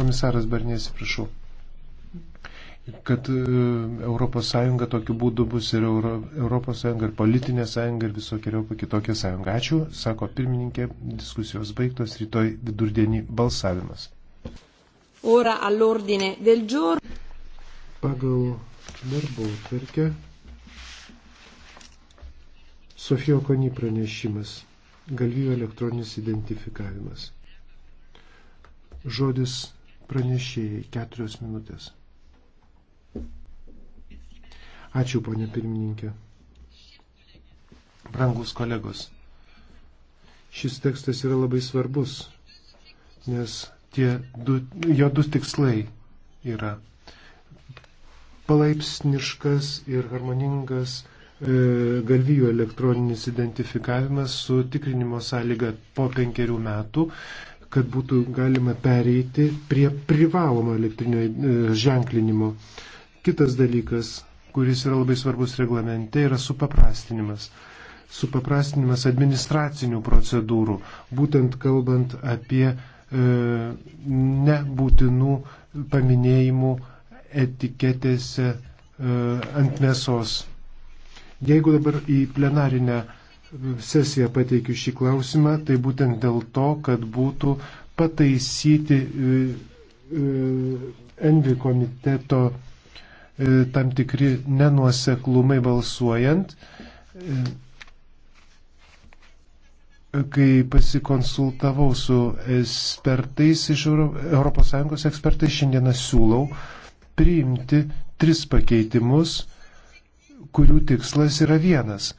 Komisaras Barnėsi, prašau kad ES tokiu būdu bus ir ES, ir politinė sąjunga, ir visokiojo kitokia sąjunga. Ačiū, sako pirmininkė, diskusijos baigtos, rytoj vidurdienį balsavimas. Ora all'ordine del giorno. Pagal darbo tvarkę Sofijo Kony pranešimas. Galvijų elektroninis identifikavimas. Žodis pranešėjai keturios minutės. Ačiū, ponė pirmininkė. Brangus kolegos, šis tekstas yra labai svarbus, nes tie du, jo du tikslai yra palaipsniškas ir harmoningas e, galvijų elektroninis identifikavimas su tikrinimo sąlyga po penkerių metų. E, kad būtų galima pereiti prie privalomo elektrinio e, ženklinimo. Kitas dalykas, kuris yra labai svarbus reglamente, yra supaprastinimas. Supaprastinimas administracinių procedūrų, būtent kalbant apie e, nebūtinų paminėjimų etiketėse e, ant mėsos. Jeigu dabar į plenarinę e, sesiją pateikiu šį klausimą, tai būtent dėl to, kad būtų pataisyti e, e, Envi komiteto e, tam tikri nenuoseklumai balsuojant. Kai pasikonsultavau su ekspertais iš ES ekspertais, šiandieną siūlau priimti tris pakeitimus, kurių tikslas yra vienas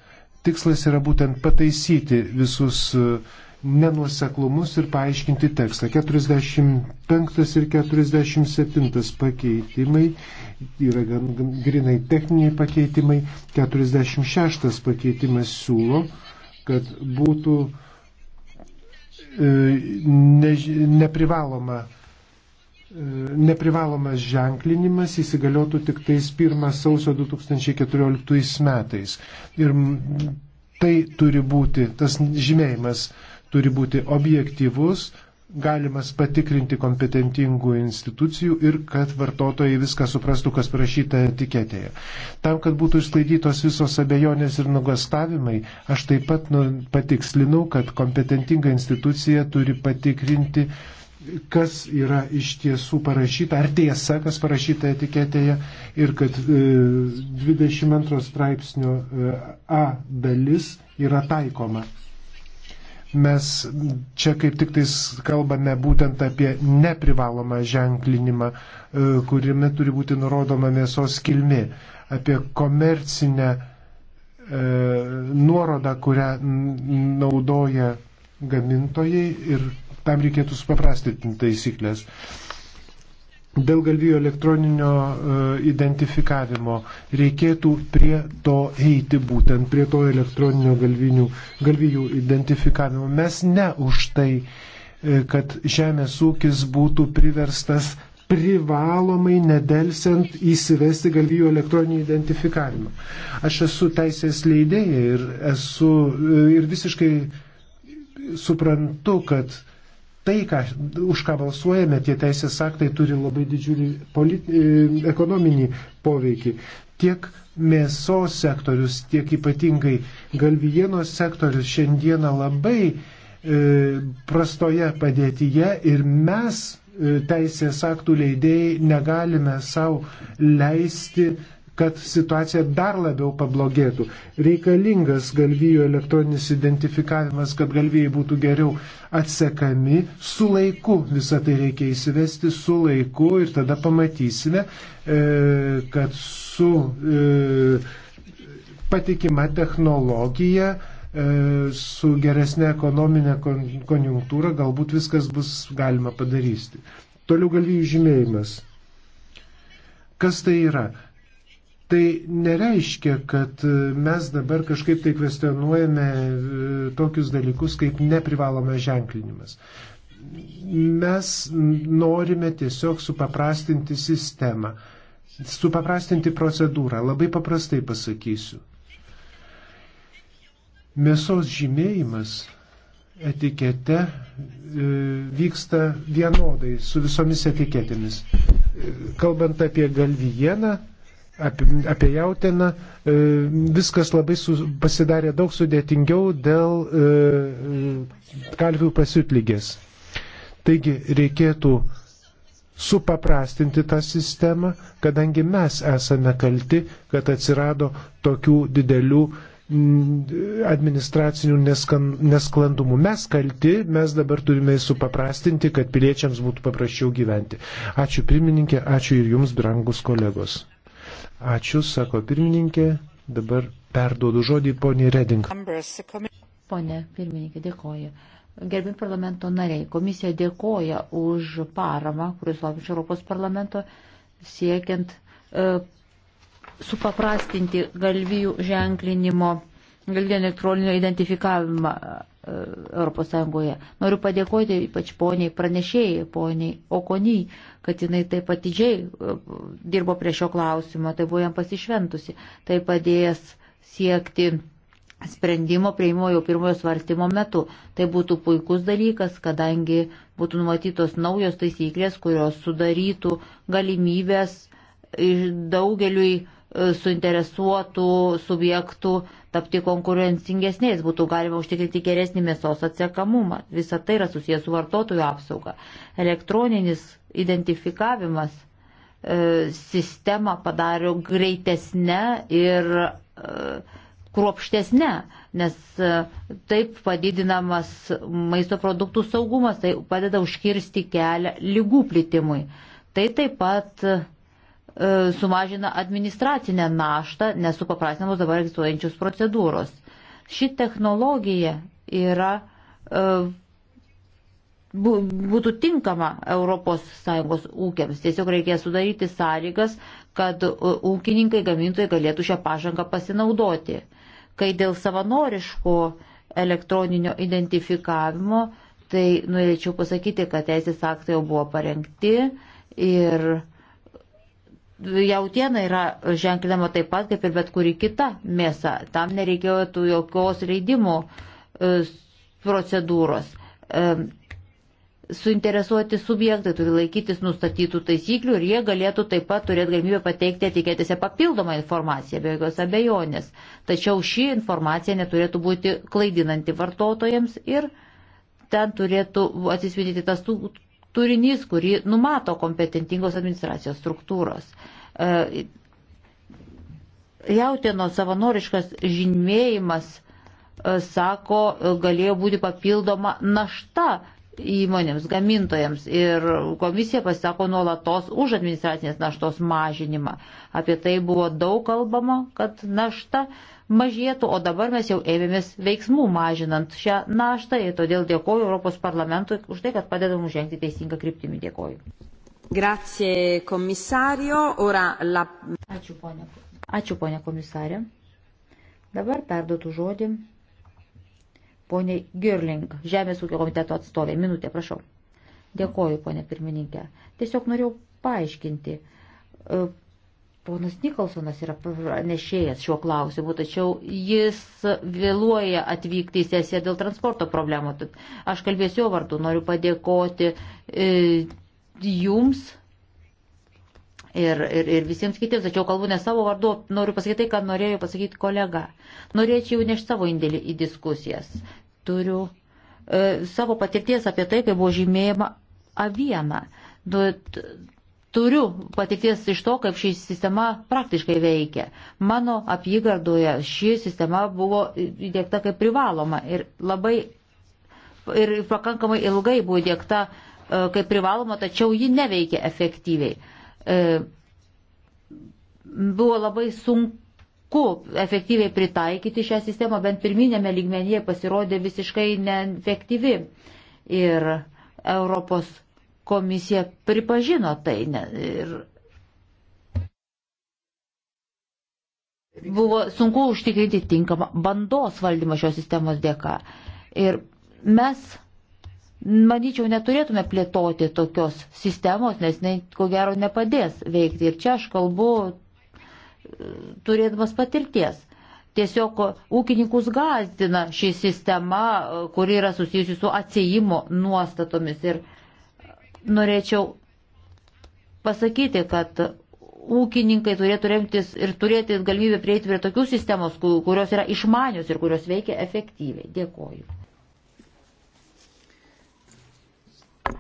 tikslas yra būtent pataisyti visus e, nenuoseklumus ir paaiškinti tekstą. 45 ir 47 pakeitimai yra gan, gan grinai techniniai pakeitimai. 46 pakeitimas siūlo, kad būtų e, ne, neprivaloma e, neprivalomas ženklinimas įsigaliotų tik tais 1 sausio 2014 metais. Ir tai turi būti, tas žymėjimas turi būti objektyvus, galimas patikrinti kompetentingų institucijų ir kad vartotojai viską suprastų, kas parašyta etiketėje. Tam, kad būtų išsklaidytos visos abejonės ir nugastavimai, aš taip pat nu, patikslinau, kad kompetentinga institucija turi patikrinti uh, kas yra iš tiesų parašyta, ar tiesa, kas parašyta etiketėje ir kad 22 e, straipsnio e, A dalis yra taikoma. Mes čia kaip tik tais kalbame būtent apie neprivalomą ženklinimą, e, kuriame turi būti nurodoma mėsos kilmi, apie komercinę nuorodą, kurią naudoja gamintojai ir tam reikėtų supaprastinti taisyklės. Dėl galvijų elektroninio e, identifikavimo reikėtų prie to eiti, būtent prie to elektroninio galvinių, galvijų identifikavimo. Mes ne už tai, e, kad žemės ūkis būtų priverstas privalomai nedelsiant įsivesti galvijų elektroninį identifikavimą. Aš esu teisės leidėja ir, esu, e, ir visiškai suprantu, kad Tai, ką, už ką balsuojame, tie teisės aktai turi labai didžiulį politi, e, ekonominį poveikį. Tiek mėsos sektorius, tiek ypatingai galvijienos sektorius šiandieną labai e, prastoje padėtyje ir mes e, teisės aktų leidėjai negalime savo leisti kad situacija dar labiau pablogėtų. Reikalingas galvijų elektroninis identifikavimas, kad galvijai būtų geriau atsekami. Su laiku visą tai reikia įsivesti, su laiku ir tada pamatysime, e, kad su e, patikima technologija e, su geresnė ekonominė konjunktūra galbūt viskas bus galima padaryti. Toliau galvijų žymėjimas. Kas tai yra? Tai nereiškia, kad e, mes dabar kažkaip tai kvestionuojame e, tokius dalykus kaip neprivalomas ženklinimas. Mes norime tiesiog supaprastinti sistemą, supaprastinti procedūrą. Labai paprastai pasakysiu. Mėsos žymėjimas etikete e, vyksta vienodai su visomis etiketėmis. Kalbant apie galvijieną, apie, apie jautiną, e, viskas labai su, pasidarė daug sudėtingiau dėl e, kalvių pasiutlygės. Taigi reikėtų supaprastinti tą sistemą, kadangi mes esame kalti, kad atsirado tokių didelių mm, administracinių nesklandumų. Mes kalti, mes dabar turime supaprastinti, kad piliečiams būtų paprasčiau gyventi. Ačiū pirmininkė, ačiū ir jums, brangus kolegos. Ačiū, sako pirmininkė. Dabar perduodu žodį poniai Reding. Pone pirmininkė, dėkoju. Gerbim parlamento nariai, komisija dėkoja už paramą, kuris laukia iš Europos parlamento, siekiant e, supaprastinti galvijų ženklinimo, galvijų elektroninio identifikavimą ES. Noriu padėkoti ypač poniai pranešėjai, poniai Okoniai, kad jinai taip atidžiai e, dirbo prie šio klausimo, tai buvo jam pasišventusi. Tai padėjęs siekti sprendimo prieimimo jau pirmojo svarstymo metu. Tai būtų puikus dalykas, kadangi būtų numatytos naujos taisyklės, kurios sudarytų galimybės daugeliui suinteresuotų subjektų tapti konkurencingesniais, būtų galima užtikrinti geresnį mėsos atsiekamumą. Visa tai yra susijęs su vartotojų apsauga. Elektroninis identifikavimas e, sistemą padarė greitesnę ir e, kruopštesnę, nes e, taip padidinamas maisto produktų saugumas, tai padeda užkirsti kelią lygų plitimui. Tai taip pat e, E, sumažina administracinę naštą, nes supaprastinamos dabar egzistuojančios procedūros. Ši technologija yra, e, būtų tinkama ES ūkiams. Tiesiog reikia sudaryti sąlygas, kad e, ūkininkai, gamintojai galėtų šią pažangą pasinaudoti. Kai dėl savanoriško elektroninio identifikavimo, tai norėčiau pasakyti, kad teisės aktai jau buvo parengti ir jautiena yra ženklinama taip pat kaip ir bet kuri kita mėsa. Tam nereikėjo jokios leidimo e, procedūros. E, suinteresuoti subjektai turi laikytis nustatytų taisyklių ir jie galėtų taip pat turėti galimybę pateikti etiketėse papildomą informaciją, be jokios abejonės. Tačiau ši informacija neturėtų būti klaidinanti vartotojams ir ten turėtų atsispindyti tas turinys, kurį numato kompetentingos administracijos struktūros. E, Jautienos savanoriškas žymėjimas, e, sako, galėjo būti papildoma našta įmonėms, gamintojams ir komisija pasisako nuolatos už administracinės naštos mažinimą. Apie tai buvo daug kalbama, kad našta mažėtų, o dabar mes jau ėmėmės veiksmų mažinant šią naštą ir todėl dėkoju Europos parlamentui už tai, kad padeda mums žengti teisingą kryptimį. Dėkoju. Grazie, komisario. Ora, la... Ačiū, ponė. Ačiū, ponė komisarė. Dabar perduotų žodį poniai Girling, Žemės ūkio komiteto atstovė. Minutė, prašau. Dėkoju, ponė pirmininkė. Tiesiog norėjau paaiškinti Ponas Nikolsonas yra pranešėjęs šiuo klausimu, tačiau jis vėluoja atvykti į sesiją dėl transporto problemų. Tad aš kalbėsiu jo vardu, noriu padėkoti e, jums ir, ir, ir visiems kitiems, tačiau kalbu ne savo vardu, noriu pasakyti tai, ką norėjo pasakyti kolega. Norėčiau nešti savo indėlį į diskusijas. Turiu e, savo patirties apie tai, kaip buvo žymėjama aviena. Du, nu, t, Turiu patirties iš to, kaip ši sistema praktiškai veikia. Mano apygardoje ši sistema buvo įdėkta kaip privaloma ir labai ir pakankamai ilgai buvo įdėkta e, kaip privaloma, tačiau ji neveikia efektyviai. E, buvo labai sunku efektyviai pritaikyti šią sistemą, bent pirminėme lygmenyje pasirodė visiškai neefektyvi. Ir Europos komisija pripažino tai ne, ir buvo sunku užtikrinti tinkamą bandos valdymą šios sistemos dėka. Ir mes, manyčiau, neturėtume plėtoti tokios sistemos, nes jinai ko gero nepadės veikti. Ir čia aš kalbu e, turėdamas patirties tiesiog ūkininkus gazdina ši sistema, e, kuri yra susijusi su atsijimo nuostatomis. Ir norėčiau pasakyti, kad ūkininkai turėtų remtis ir turėti galimybę prieiti prie tokių sistemos, kurios yra išmanios ir kurios veikia efektyviai. Dėkoju.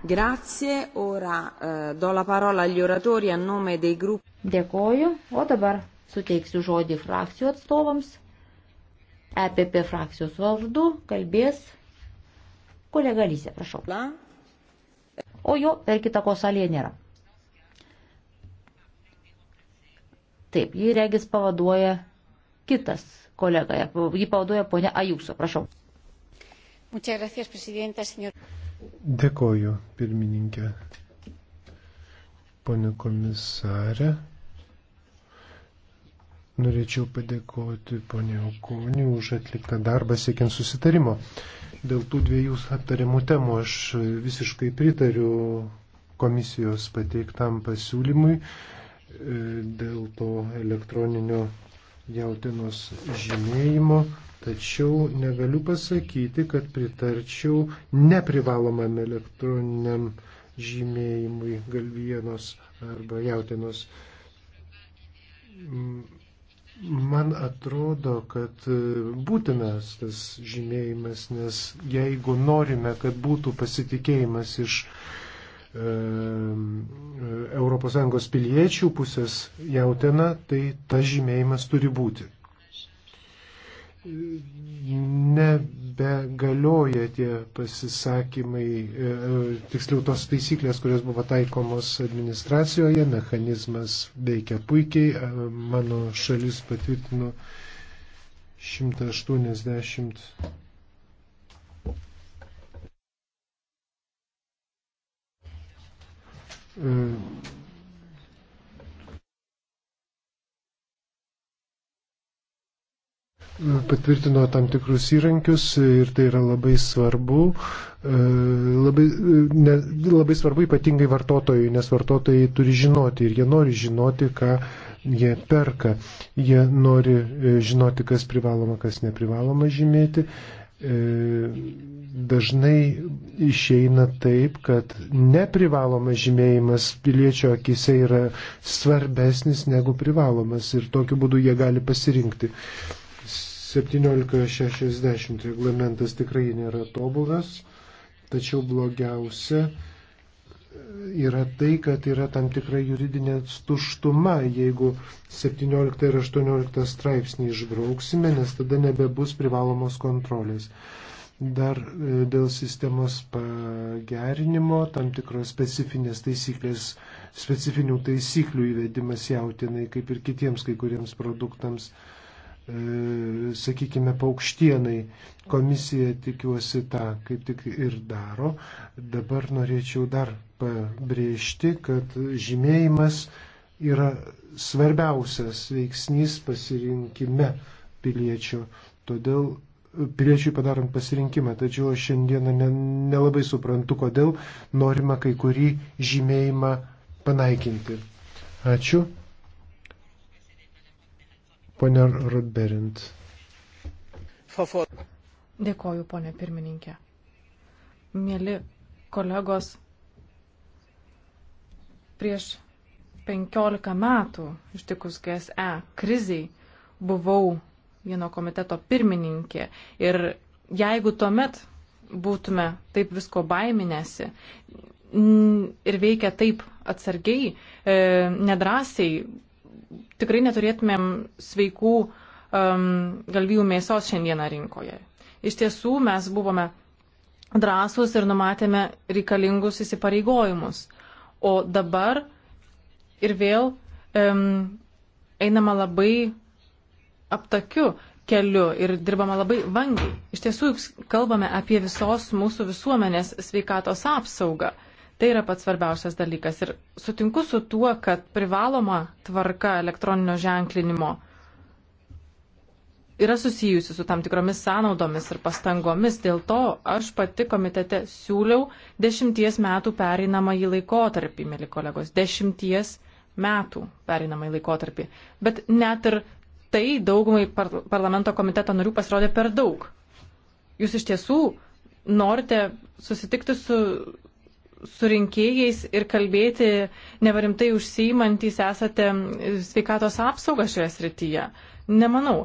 Grazie, ora uh, do la parola agli oratori a nome dei gruppi. Dėkoju, o dabar suteiksiu žodį frakcijų atstovams. EPP frakcijos vardu kalbės kolega Lysė, prašau. La o jo per kitą ko salėje nėra. Taip, jį regis pavaduoja kitas kolega, jį pavaduoja ponia Ajuso, prašau. Dėkoju, pirmininkė. Pone komisarė, norėčiau padėkoti ponia Okonį už atliktą darbą siekiant susitarimo. Dėl tų dviejų aptariamų temų aš visiškai pritariu komisijos pateiktam pasiūlymui e, dėl to elektroninio jautinos žymėjimo, tačiau negaliu pasakyti, kad pritarčiau neprivalomam elektroniniam žymėjimui galvienos arba jautinos. Mm, Man atrodo, kad e, būtinas tas žymėjimas, nes jeigu norime, kad būtų pasitikėjimas iš e, ES piliečių pusės jautina, tai tas žymėjimas turi būti. Ne nebegalioja tie pasisakymai, e, e, tiksliau tos taisyklės, kurios buvo taikomos administracijoje, mechanizmas veikia puikiai, e, mano šalis patvirtino 180 patvirtino tam tikrus įrankius ir tai yra labai svarbu, e, labai, e, ne, labai svarbu ypatingai vartotojui, nes vartotojai turi žinoti ir jie nori žinoti, ką jie perka. Jie nori e, žinoti, kas privaloma, kas neprivaloma žymėti. Dažnai išeina taip, kad neprivalomas žymėjimas piliečio akise yra svarbesnis negu privalomas ir tokiu būdu jie gali pasirinkti. Uh, 1760 reglamentas tikrai nėra tobulas, tačiau blogiausia yra tai, kad yra tam tikra juridinė tuštuma, jeigu 17 ir 18 straipsnį išbrauksime, nes tada nebebus privalomos kontrolės. Dar e, dėl sistemos pagerinimo, tam tikros specifinės taisyklės, specifinių taisyklių įvedimas jautinai, kaip ir kitiems kai kuriems produktams E, sakykime, paukštienai. Komisija tikiuosi tą kaip tik ir daro. Dabar norėčiau dar pabrėžti, kad žymėjimas yra svarbiausias veiksnys pasirinkime piliečio. Todėl piliečiui padarant pasirinkimą, tačiau aš šiandieną ne, nelabai suprantu, kodėl norima kai kurį žymėjimą panaikinti. Ačiū. Pone Rudberint. Dėkoju, ponė pirmininkė. Mėly kolegos, prieš 15 metų ištikus GSE kriziai buvau vieno komiteto pirmininkė ir jeigu tuomet būtume taip visko baiminėsi ir veikia taip atsargiai, e, nedrasiai, tikrai neturėtumėm sveikų um, galvijų mėsos šiandieną rinkoje. Iš tiesų mes buvome drąsūs ir numatėme reikalingus įsipareigojimus. O dabar ir vėl um, einama labai aptakiu keliu ir dirbama labai vangiai. Iš tiesų, kalbame apie visos mūsų visuomenės sveikatos apsaugą. Uh, Tai yra pats svarbiausias dalykas. Ir sutinku su tuo, kad privaloma tvarka elektroninio ženklinimo yra susijusi su tam tikromis sąnaudomis ir pastangomis. Dėl to aš pati komitete siūliau dešimties metų pereinamąjį laikotarpį, mėly kolegos. Dešimties metų pereinamąjį laikotarpį. Bet net ir tai daugumai par parlamento komiteto narių pasirodė per daug. Jūs iš tiesų norite susitikti su surinkėjais ir kalbėti nevarimtai užsiimantys esate sveikatos apsaugą šioje srityje? Nemanau.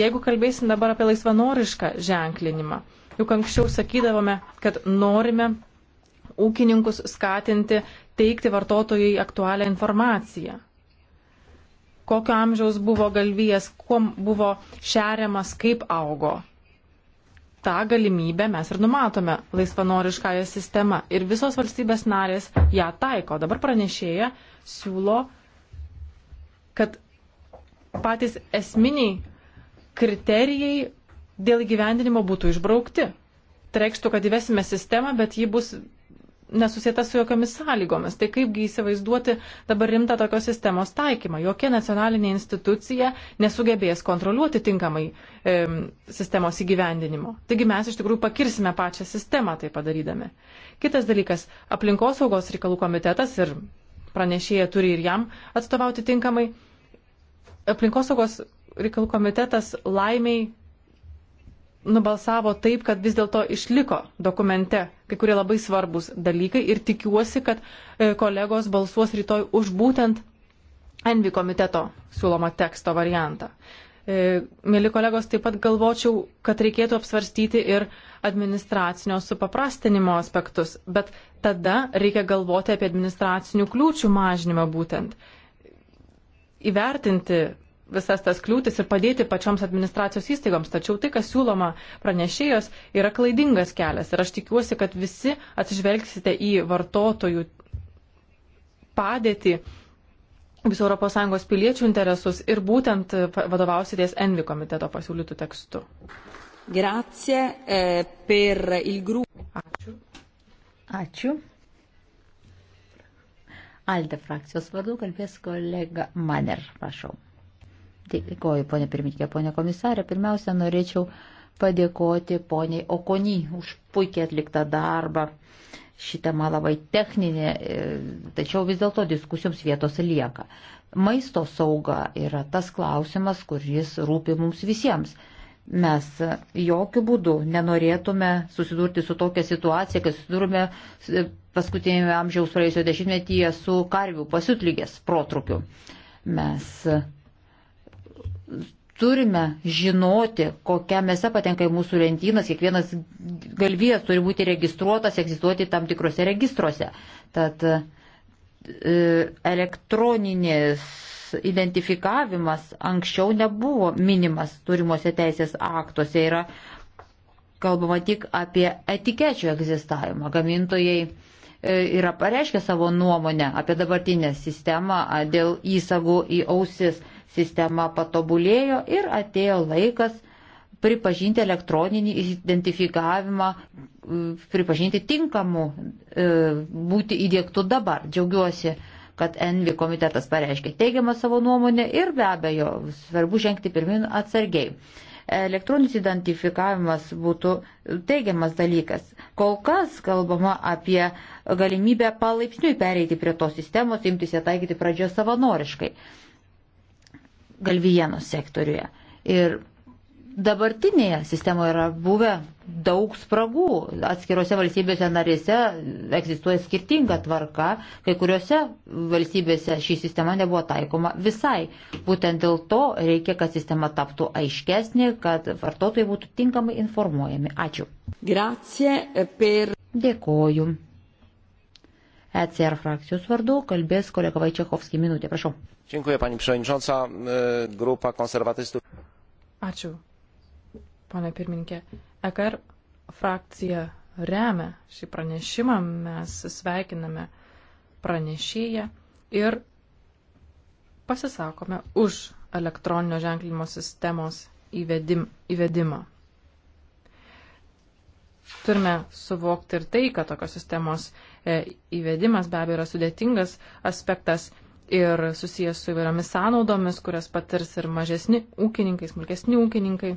Jeigu kalbėsim dabar apie laisvanorišką ženklinimą, juk anksčiau sakydavome, kad norime ūkininkus skatinti teikti vartotojai aktualią informaciją. Kokio amžiaus buvo galvijas, kuo buvo šeriamas, kaip augo tą galimybę mes ir numatome laisvanoriškąją sistemą ir visos valstybės narės ją taiko. Dabar pranešėja siūlo, kad patys esminiai kriterijai dėl gyvendinimo būtų išbraukti. Tai reikštų, kad įvesime sistemą, bet ji bus nesusieta su jokiomis sąlygomis. Tai kaipgi įsivaizduoti dabar rimtą tokios sistemos taikymą. Jokia nacionalinė institucija nesugebės kontroliuoti tinkamai e, sistemos įgyvendinimo. Taigi mes iš tikrųjų pakirsime pačią sistemą tai padarydami. Kitas dalykas - aplinkosaugos reikalų komitetas ir pranešėja turi ir jam atstovauti tinkamai. Aplinkosaugos reikalų komitetas laimiai nubalsavo taip, kad vis dėlto išliko dokumente kai kurie labai svarbus dalykai ir tikiuosi, kad e, kolegos balsuos rytoj už būtent Envi komiteto siūlomą teksto variantą. E, Mėly kolegos, taip pat galvočiau, kad reikėtų apsvarstyti ir administracinio supaprastinimo aspektus, bet tada reikia galvoti apie administracinių kliūčių mažinimą būtent. Įvertinti visas tas kliūtis ir padėti pačioms administracijos įstaigoms. Tačiau tai, kas siūloma pranešėjos, yra klaidingas kelias. Ir aš tikiuosi, kad visi atsižvelgsite į vartotojų padėtį, visų ES piliečių interesus ir būtent vadovausitės Envi komiteto pasiūlytų tekstu. Grazie eh, per il gruppo. Ačiū. Ačiū. Alde frakcijos vardu kalbės kolega Maner, prašau. Dėkoju, ponė pirmininkė, ponė komisarė. Pirmiausia, norėčiau padėkoti poniai Okony už puikiai atliktą darbą. Ši tema labai techninė, e, tačiau vis dėlto diskusijoms vietos lieka. Maisto sauga yra tas klausimas, kuris rūpi mums visiems mes jokių būdų nenorėtume susidurti su tokia situacija, kai susidurime e, paskutinėme amžiaus praėjusio dešimtmetyje su karvių pasiutlygės protrukiu. Mes turime žinoti, kokia mėsa patenka į mūsų lentynas, kiekvienas galvijas turi būti registruotas, egzistuoti tam tikrose registruose. Tad e, elektroninis identifikavimas anksčiau nebuvo minimas turimuose teisės aktuose, yra kalbama tik apie etikečių egzistavimą. Gamintojai e, yra pareiškę savo nuomonę apie dabartinę sistemą dėl įsagų į ausis sistema patobulėjo ir atėjo laikas pripažinti elektroninį identifikavimą, pripažinti tinkamų e, būti įdėktų dabar. Džiaugiuosi, kad Envi komitetas pareiškė teigiamą savo nuomonę ir be abejo svarbu žengti pirmin atsargiai. Elektroninis identifikavimas būtų teigiamas dalykas. Kol kas kalbama apie galimybę palaipsniui pereiti prie tos sistemos, imtis ją taikyti pradžioje savanoriškai galvijienos sektoriuje. Ir dabartinėje sistemoje yra buvę daug spragų. Atskirose valstybėse narėse egzistuoja skirtinga tvarka, kai kuriuose valstybėse ši sistema nebuvo taikoma visai. Būtent dėl to reikia, kad sistema taptų aiškesnė, kad vartotojai būtų tinkamai informuojami. Ačiū. Per... Dėkoju. ECR frakcijos vardu kalbės kolega Vaičiachovskį minutę. Prašau. Dziękuję pani przewodnicząca. E, grupa konserwatystów. Ačiū, ponia pirmininkė. EKR er, frakcija remia šį pranešimą, mes sveikiname pranešėją ir pasisakome už elektroninio ženklinimo sistemos įvedim, įvedimą. Turime suvokti ir tai, kad tokios sistemos e, įvedimas be abejo yra sudėtingas aspektas ir susijęs su įvairiomis sąnaudomis, kurias patirs ir mažesni ūkininkai, smulkesni ūkininkai.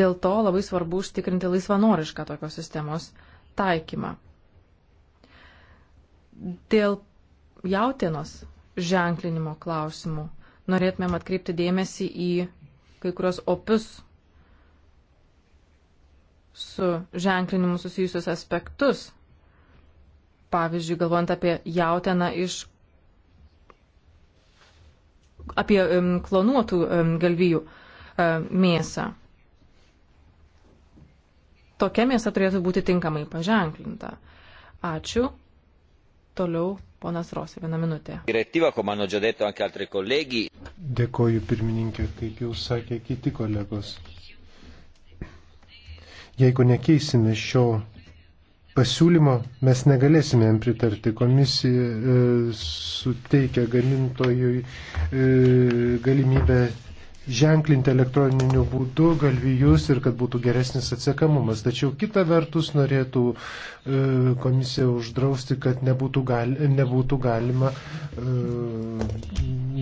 Dėl to labai svarbu užtikrinti laisvanorišką tokios sistemos taikymą. Dėl jautienos ženklinimo klausimų norėtumėm atkreipti dėmesį į kai kurios opius su ženklinimu susijusius aspektus Pavyzdžiui, galvojant apie jautieną iš apie um, klonuotų um, galvijų um, mėsą. Tokia mėsa turėtų būti tinkamai paženklinta. Ačiū. Toliau ponas Rosi, vieną minutę. Dėkoju pirmininkė, kaip jau sakė kiti kolegos. Jeigu nekeisime šio pasiūlymo mes negalėsime jam pritarti. Komisija e, suteikia gamintojui e, galimybę ženklinti elektroniniu būdu galvijus ir kad būtų geresnis atsiekamumas. Tačiau kita vertus norėtų e, komisija uždrausti, kad nebūtų, gal, nebūtų galima e,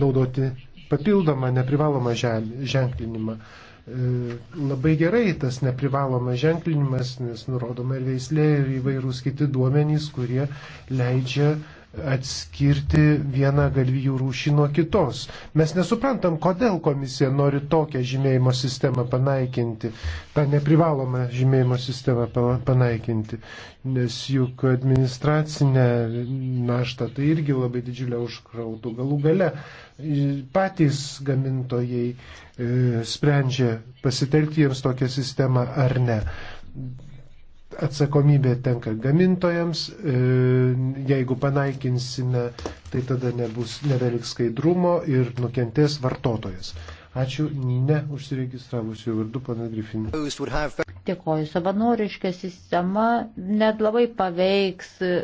naudoti papildomą neprivalomą ženklinimą. E, E, labai gerai tas neprivalomas ženklinimas, nes nurodoma ir veislė, ir įvairūs kiti duomenys, kurie leidžia atskirti vieną galvijų rūšį nuo kitos. Mes nesuprantam, kodėl komisija nori tokią žymėjimo sistemą panaikinti, tą neprivalomą žymėjimo sistemą panaikinti, nes juk administracinę naštą tai irgi labai didžiulę užkrautų. Galų gale patys gamintojai E, sprendžia pasitelkti jiems tokią sistemą ar ne. Atsakomybė tenka gamintojams, e, jeigu panaikinsime, tai tada nebus, nebeliks skaidrumo ir nukentės vartotojas. Ačiū neužsiregistravusių vardu, pana Grifinė. Dėkoju, savanoriška sistema net labai paveiks e,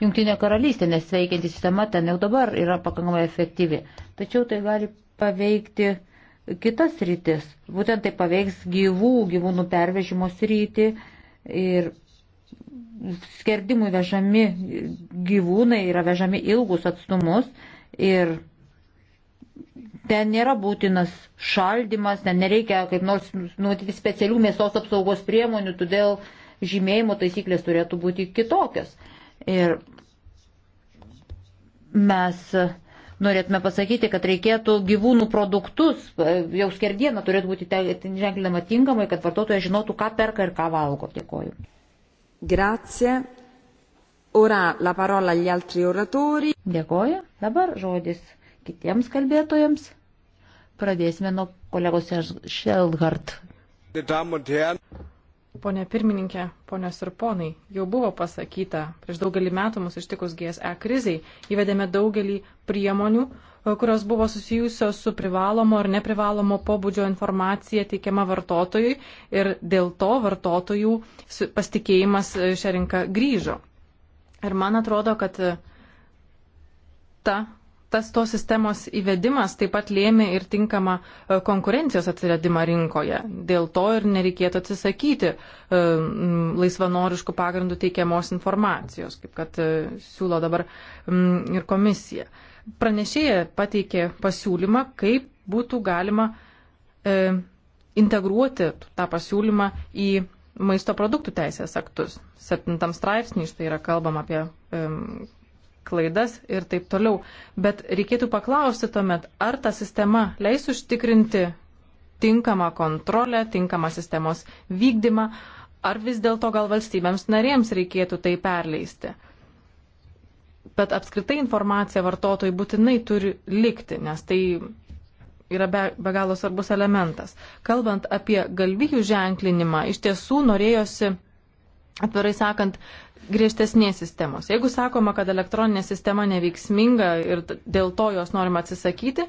Junktinė karalystė, nes veikianti sistema ten jau dabar yra pakankamai efektyvi. Tačiau tai gali paveikti kitas rytis. Būtent tai paveiks gyvų gyvūnų pervežimo sritį ir skerdimui vežami gyvūnai yra vežami ilgus atstumus ir ten nėra būtinas šaldymas, ten nereikia kaip nors nuotyti specialių mėsos apsaugos priemonių, todėl žymėjimo taisyklės turėtų būti kitokios. Ir mes uh, norėtume pasakyti, kad reikėtų gyvūnų produktus, e, jau skerdieną turėtų būti ženklinama tinkamai, kad vartotojai žinotų, ką perka ir ką valgo. Dėkoju. Grazie. Ora la parola agli altri oratori. Dėkoju. Dabar žodis kitiems kalbėtojams. Pradėsime nuo kolegos Šelgart. Pone pirmininkė, ponios ir ponai, jau buvo pasakyta, prieš daugelį metų mus ištikus GSE kriziai įvedėme daugelį priemonių, e, kurios buvo susijusios su privalomo ar neprivalomo pobūdžio informacija teikiama vartotojui ir dėl to vartotojų pasitikėjimas e, šią rinką grįžo. Ir man atrodo, kad e, ta tas tos sistemos įvedimas taip pat lėmė ir tinkamą e, konkurencijos atsiradimą rinkoje. Dėl to ir nereikėtų atsisakyti e, laisvanoriškų pagrindų teikiamos informacijos, kaip kad e, siūlo dabar ir komisija. Pranešėja pateikė pasiūlymą, kaip būtų galima integruoti tą pasiūlymą į maisto produktų teisės aktus. Septintam straipsnį štai yra kalbama apie klaidas ir taip toliau. Bet reikėtų paklausti tuomet, ar ta sistema leis užtikrinti tinkamą kontrolę, tinkamą sistemos vykdymą, ar vis dėlto gal valstybėms narėms reikėtų tai perleisti. Bet apskritai informacija vartotojai būtinai turi likti, nes tai yra be, be galo svarbus elementas. Kalbant apie galvijų ženklinimą, iš tiesų norėjosi atvirai sakant, griežtesnės sistemos. Jeigu sakoma, kad elektroninė sistema neveiksminga ir dėl to jos norima atsisakyti,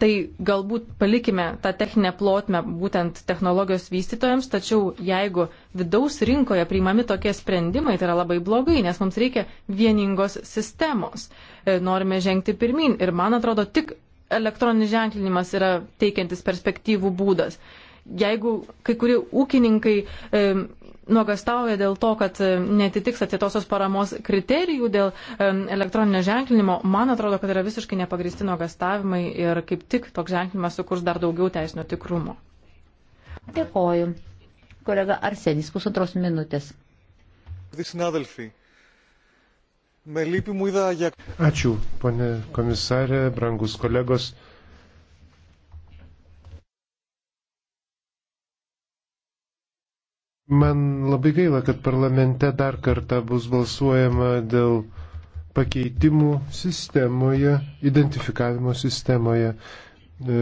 tai galbūt palikime tą techninę plotmę būtent technologijos vystytojams, tačiau jeigu vidaus rinkoje priimami tokie sprendimai, tai yra labai blogai, nes mums reikia vieningos sistemos. E, norime žengti pirmin ir man atrodo tik elektroninis ženklinimas yra teikiantis perspektyvų būdas jeigu kai kurie ūkininkai e, nuogastauja dėl to, kad e, netitiks atitosios paramos kriterijų dėl e, elektroninio ženklinimo, man atrodo, kad yra visiškai nepagristi nuogastavimai ir kaip tik toks ženklinimas sukurs dar daugiau teisinio tikrumo. Dėkoju. Kolega Arsenis, pusantros minutės. Ačiū, ponė komisarė, brangus kolegos. Man labai gaila, kad parlamente dar kartą bus balsuojama dėl pakeitimų sistemoje, identifikavimo sistemoje, e,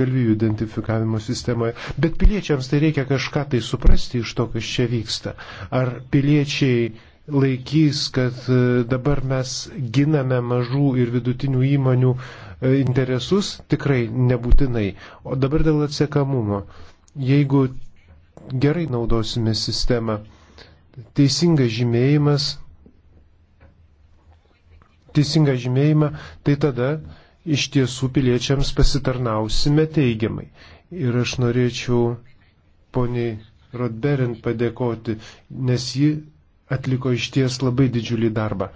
galvijų identifikavimo sistemoje. Bet piliečiams tai reikia kažką tai suprasti iš to, kas čia vyksta. Ar piliečiai laikys, kad e, dabar mes giname mažų ir vidutinių įmonių e, interesus? Tikrai nebūtinai. O dabar dėl atsiekamumo. Jeigu gerai naudosime sistemą. Teisingas žymėjimas, teisingą žymėjimą, tai tada iš tiesų piliečiams pasitarnausime teigiamai. Ir aš norėčiau poniai Rodberint padėkoti, nes ji atliko iš ties labai didžiulį darbą.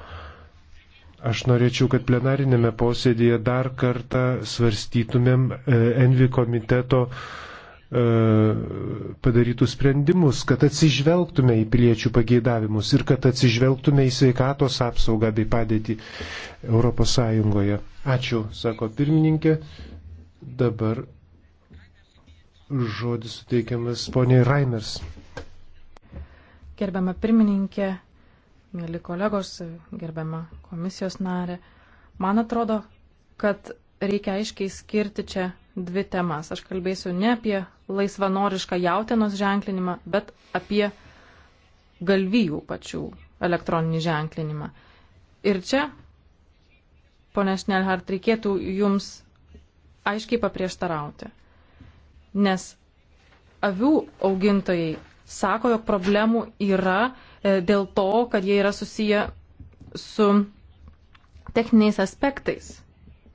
Aš norėčiau, kad plenarinėme posėdėje dar kartą svarstytumėm e, Envi komiteto uh, E, padarytų sprendimus, kad atsižvelgtume į piliečių pageidavimus ir kad atsižvelgtume į sveikatos apsaugą bei padėtį ES. Ačiū, sako pirmininkė. Dabar žodis suteikiamas poniai Raimers. Gerbiama pirmininkė, mėly kolegos, gerbiama komisijos narė, man atrodo, kad reikia aiškiai skirti čia dvi temas. Aš kalbėsiu ne apie laisvanorišką jautienos ženklinimą, bet apie galvijų pačių elektroninį ženklinimą. Ir čia, ponė Šnelhart, reikėtų jums aiškiai paprieštarauti. Nes avių augintojai sako, jog problemų yra e, dėl to, kad jie yra susiję su techniniais aspektais.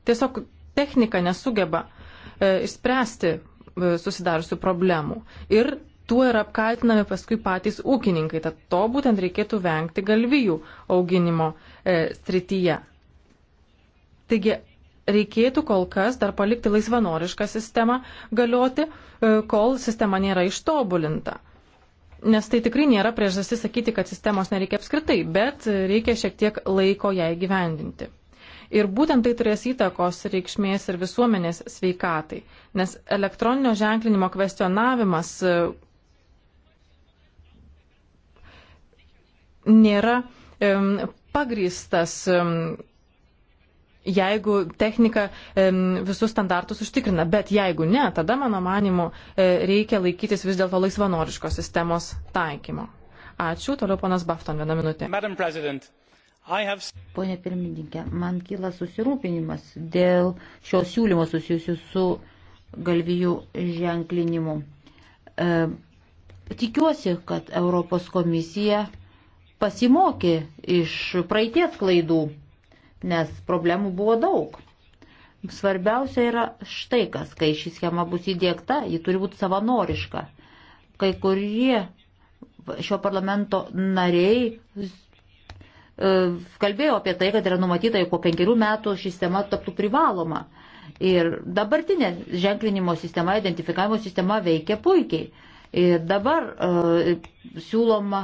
Tiesiog technika nesugeba uh, E, išspręsti e, susidariusių problemų. Ir tuo yra apkaltinami paskui patys ūkininkai. Tad to būtent reikėtų vengti galvijų auginimo e, srityje. Taigi reikėtų kol kas dar palikti laisvanorišką sistemą galioti, e, kol sistema nėra ištobulinta. Nes tai tikrai nėra priežastis sakyti, kad sistemos nereikia apskritai, bet reikia šiek tiek laiko ją įgyvendinti. Ir būtent tai turės įtakos reikšmės ir visuomenės sveikatai, nes elektroninio ženklinimo kvestionavimas e, nėra e, pagrįstas, e, jeigu technika visus standartus užtikrina. Bet jeigu ne, tada, mano manimu, reikia laikytis vis dėlto laisvanoriškos sistemos taikymo. Ačiū. Toliau ponas Bafton, vieną minutę. Have... Pone pirmininkė, man kyla susirūpinimas dėl šios siūlymo susijusių su galvijų ženklinimu. E, tikiuosi, kad Europos komisija pasimokė iš praeities klaidų, nes problemų buvo daug. Svarbiausia yra štai kas, kai ši schema bus įdėkta, ji turi būti savanoriška. Kai kurie šio parlamento nariai E, kalbėjo apie tai, kad yra numatyta, jog po penkerių metų ši sistema taptų privaloma. Ir dabartinė ženklinimo sistema, identifikavimo sistema veikia puikiai. Ir dabar e, siūloma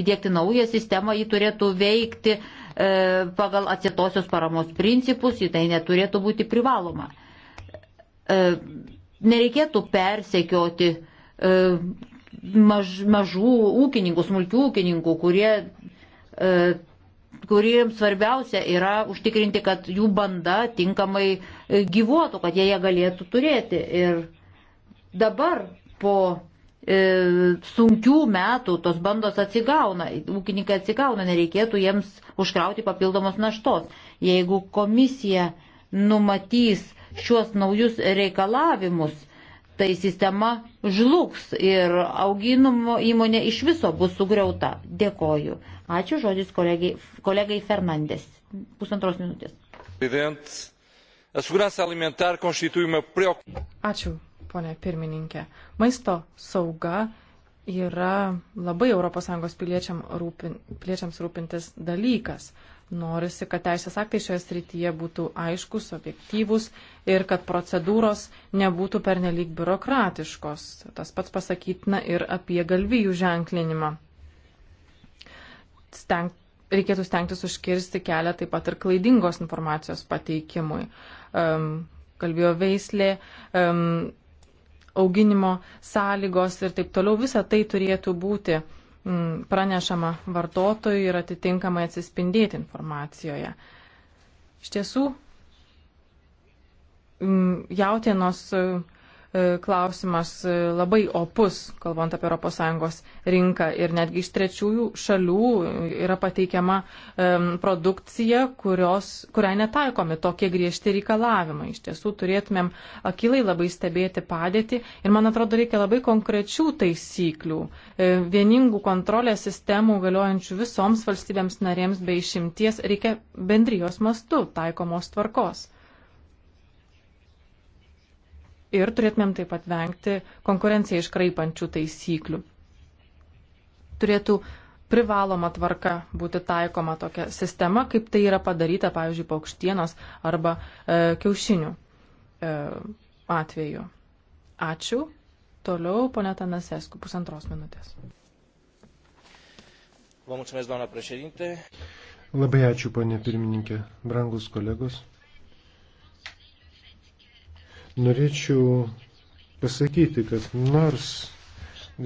įdėkti naują sistemą, ji turėtų veikti e, pagal atsietosios paramos principus, ji tai neturėtų būti privaloma. E, nereikėtų persekioti e, maž, mažų ūkininkų, smulkių ūkininkų, kurie e, kuriems svarbiausia yra užtikrinti, kad jų banda tinkamai e, gyvuotų, kad jie ją galėtų turėti. Ir dabar po e, sunkių metų tos bandos atsigauna, ūkininkai atsigauna, nereikėtų jiems užkrauti papildomos naštos. Jeigu komisija numatys šiuos naujus reikalavimus, tai sistema žlugs ir auginimo įmonė iš viso bus sugriauta. Dėkoju. Ačiū žodis kolegai, kolegai Fernandės. Pusantros minutės. Ačiū, ponė pirmininkė. Maisto sauga yra labai ES piliečiam rūpin, piliečiams rūpintis dalykas. Norisi, kad teisės aktai šioje srityje būtų aiškus, objektyvus ir kad procedūros nebūtų pernelyg biurokratiškos. Tas pats pasakytina ir apie galvijų ženklinimą. Steng, reikėtų stengtis užkirsti kelią taip pat ir klaidingos informacijos pateikimui. Um, kalbėjo veislė, um, auginimo sąlygos ir taip toliau. Visa tai turėtų būti uh, Mm, pranešama vartotojui ir atitinkamai atsispindėti informacijoje. Iš tiesų, mm, jautienos E, klausimas e, labai opus, kalbant apie ES rinką. Ir netgi iš trečiųjų šalių yra pateikiama e, produkcija, kurios, kuriai netaikomi tokie griežti reikalavimai. Iš tiesų turėtumėm akilai labai stebėti padėtį ir, man atrodo, reikia labai konkrečių taisyklių, vieningų kontrolės sistemų galiojančių visoms valstybėms narėms bei išimties, reikia bendrijos mastu taikomos tvarkos ir turėtumėm taip pat vengti konkurenciją iškraipančių taisyklių. Turėtų privaloma tvarka būti taikoma tokia sistema, kaip tai yra padaryta, pavyzdžiui, paukštienos arba e, kiaušinių e, atveju. Ačiū. Toliau ponė Tanasesku, pusantros minutės. Labai ačiū, ponė pirmininkė, brangus kolegos. Norėčiau pasakyti, kad nors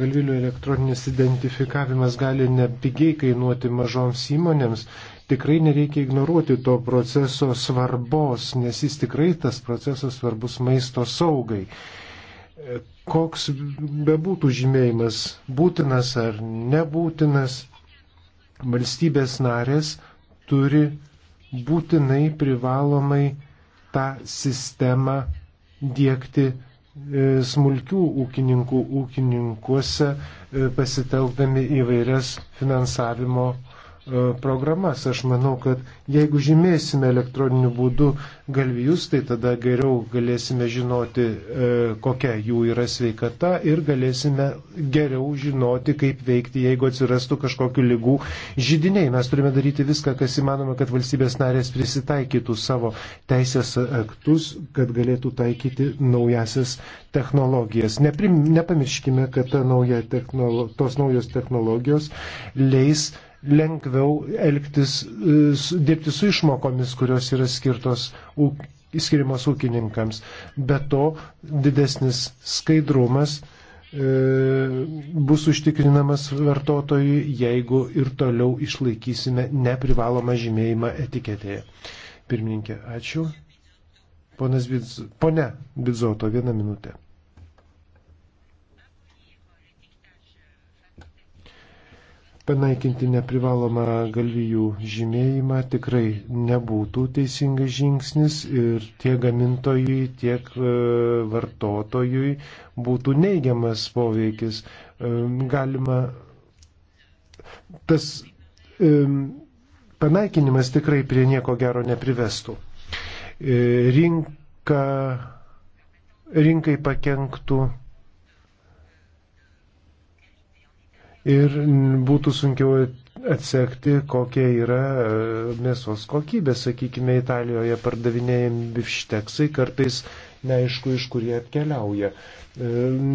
galvilių elektroninis identifikavimas gali nepigiai kainuoti mažoms įmonėms, tikrai nereikia ignoruoti to proceso svarbos, nes jis tikrai tas procesas svarbus maisto saugai. Koks bebūtų žymėjimas, būtinas ar nebūtinas, valstybės narės turi būtinai privalomai tą sistemą dėkti e, smulkių ūkininkų ūkininkuose e, pasitelkdami įvairias finansavimo E, programas. Aš manau, kad jeigu žymėsime elektroniniu būdu galvijus, tai tada geriau galėsime žinoti, e, kokia jų yra sveikata ir galėsime geriau žinoti, kaip veikti, jeigu atsirastų kažkokiu lygų žydiniai. Mes turime daryti viską, kas įmanoma, kad valstybės narės prisitaikytų savo teisės aktus, kad galėtų taikyti naujasias technologijas. Neprim, nepamirškime, kad ta nauja technolo, tos naujos technologijos leis lengviau elgtis, e, dirbti su išmokomis, kurios yra skirtos skiriamas ūkininkams. Be to didesnis skaidrumas e, bus užtikrinamas vartotojui, jeigu ir toliau išlaikysime neprivalomą žymėjimą etiketėje. Pirmininkė, ačiū. Ponas Bidzo, ponia Bizoto, vieną minutę. panaikinti neprivalomą galvijų žymėjimą tikrai nebūtų teisingas žingsnis ir tiek gamintojui, tiek e, vartotojui būtų neigiamas poveikis. E, galima tas e, panaikinimas tikrai prie nieko gero neprivestų. Rinka, rinkai pakenktų ir būtų sunkiau atsekti, kokia yra e, mėsos kokybė. Sakykime, Italijoje pardavinėjami bifšteksai kartais neaišku, iš kur jie atkeliauja. E,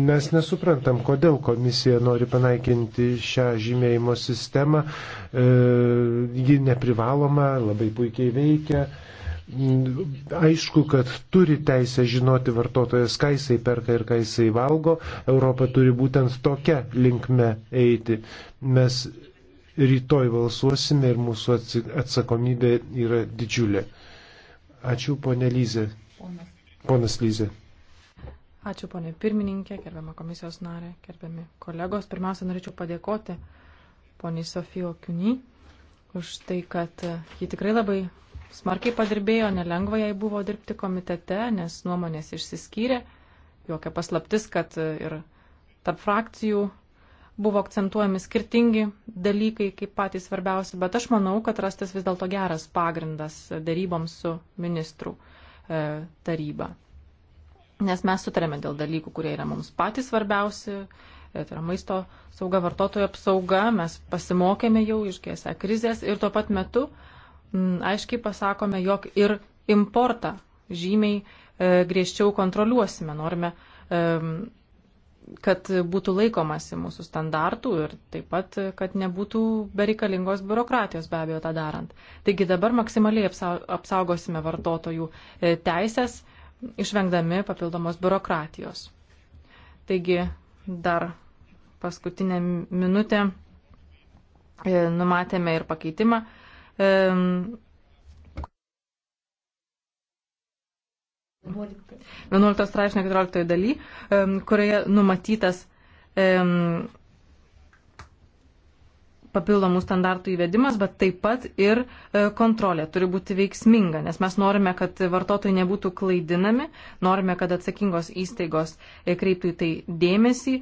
mes nesuprantam, kodėl komisija nori panaikinti šią žymėjimo sistemą. E, ji neprivaloma, labai puikiai veikia. Aišku, kad turi teisę žinoti vartotojas, ką jisai perka ir ką jisai valgo. Europa turi būtent tokia linkme eiti. Mes rytoj balsuosime ir mūsų atsakomybė yra didžiulė. Ačiū, ponė Lyze. Ponas Lyze. Ačiū, ponė pirmininkė, gerbiama komisijos narė, gerbiami kolegos. Pirmiausia, norėčiau padėkoti poniai Sofijo Kiuni už tai, kad ji tikrai labai smarkiai padirbėjo, nelengva jai buvo dirbti komitete, nes nuomonės išsiskyrė. Jokia paslaptis, kad ir tarp frakcijų buvo akcentuojami skirtingi dalykai kaip patys svarbiausi, bet aš manau, kad rastas vis dėlto geras pagrindas daryboms su ministrų e, taryba. Nes mes sutarėme dėl dalykų, kurie yra mums patys svarbiausi, e, tai yra maisto sauga, vartotojų apsauga, mes pasimokėme jau iš kėsę krizės ir tuo pat metu e, aiškiai pasakome, jog ir importą žymiai e, griežčiau kontroliuosime. Norime, e, kad būtų laikomasi mūsų standartų ir taip pat, kad nebūtų bereikalingos biurokratijos be abejo tą darant. Taigi dabar maksimaliai apsaugosime vartotojų e, teisės, išvengdami papildomos biurokratijos. Taigi dar paskutinę minutę e, numatėme ir pakeitimą 11 straipsnio 14 daly, kurioje numatytas papildomų standartų įvedimas, bet taip pat ir e, kontrolė turi būti veiksminga, nes mes norime, kad vartotojai nebūtų klaidinami, norime, kad atsakingos įstaigos e, kreiptų į tai dėmesį e,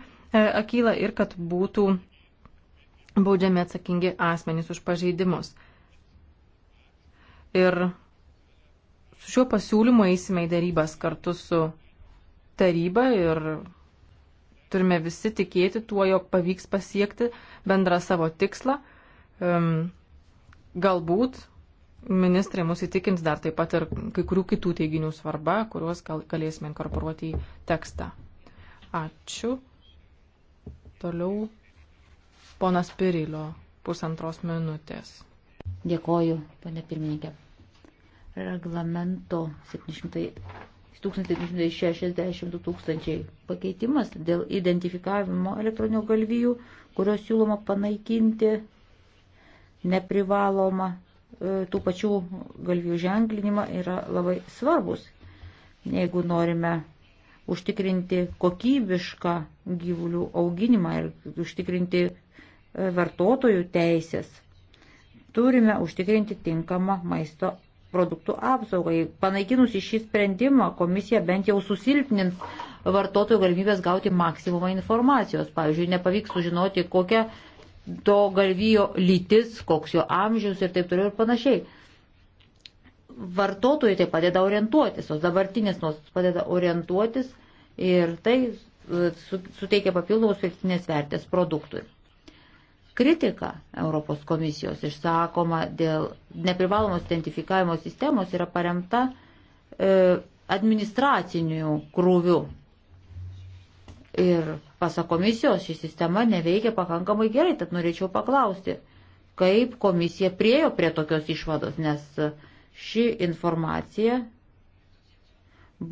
akyla ir kad būtų baudžiami atsakingi asmenys už pažeidimus. Ir su šiuo pasiūlymu eisime į darybas kartu su taryba ir turime visi tikėti tuo, jog pavyks pasiekti bendrą savo tikslą. Galbūt ministrai mus įtikins dar taip pat ir kai kurių kitų teiginių svarba, kuriuos gal, galėsime inkorporuoti į tekstą. Ačiū. Toliau ponas Pirilo pusantros minutės. Dėkoju, pane pirmininkė reglamento 1760-2000 pakeitimas dėl identifikavimo elektroninių galvijų, kurios siūloma panaikinti neprivaloma e, tų pačių galvijų ženklinimą yra labai svarbus, jeigu norime užtikrinti kokybišką gyvulių auginimą ir užtikrinti e, vartotojų teisės. Turime užtikrinti tinkamą maisto produktų apsaugai. Panaikinus šį sprendimą, komisija bent jau susilpnins vartotojų galimybės gauti maksimumą informacijos. Pavyzdžiui, nepavyks sužinoti, kokia to galvijo lytis, koks jo amžius ir taip toliau ir panašiai. Vartotojai tai padeda orientuotis, o dabartinės nuostatos padeda orientuotis ir tai e, suteikia papildomus pridėtinės vertės produktui. Kritika Europos komisijos išsakoma dėl neprivalomos identifikavimo sistemos yra paremta e, administracinių krūvių. Ir pasak komisijos ši sistema neveikia pakankamai gerai, tad norėčiau paklausti, kaip komisija priejo prie tokios išvados, nes ši informacija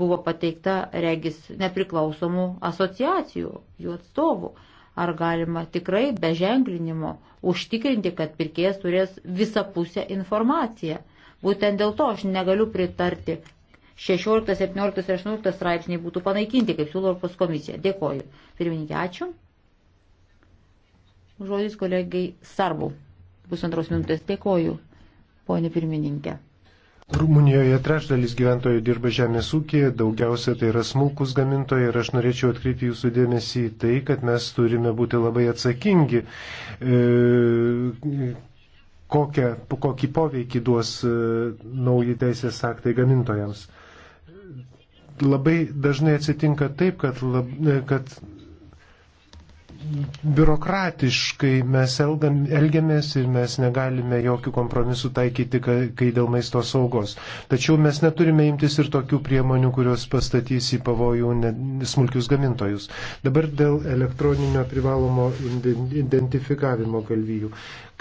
buvo pateikta regis nepriklausomų asociacijų, jų atstovų. Ar galima tikrai be ženklinimo užtikrinti, kad pirkėjas turės visapusę informaciją? Būtent dėl to aš negaliu pritarti 16, 17 ir 18 straipsniai būtų panaikinti, kaip siūlo Europos komisija. Dėkoju. Pirmininkė, ačiū. Žodis kolegai Sarbu. Pusantros minutės dėkoju, ponė pirmininkė. Rumunijoje trečdalis gyventojų dirba žemės ūkėje, daugiausia tai yra smulkus gamintojai ir aš norėčiau atkreipti jūsų dėmesį į tai, kad mes turime būti labai atsakingi, e, kokią, kokį poveikį duos e, nauji teisės aktai gamintojams. Labai dažnai atsitinka taip, kad, lab, e, kad biurokratiškai mes elgam, elgiamės ir mes negalime jokių kompromisų taikyti, kai dėl maisto saugos. Tačiau mes neturime imtis ir tokių priemonių, kurios pastatys į pavojų smulkius gamintojus. Dabar dėl elektroninio privalomo identifikavimo galvijų.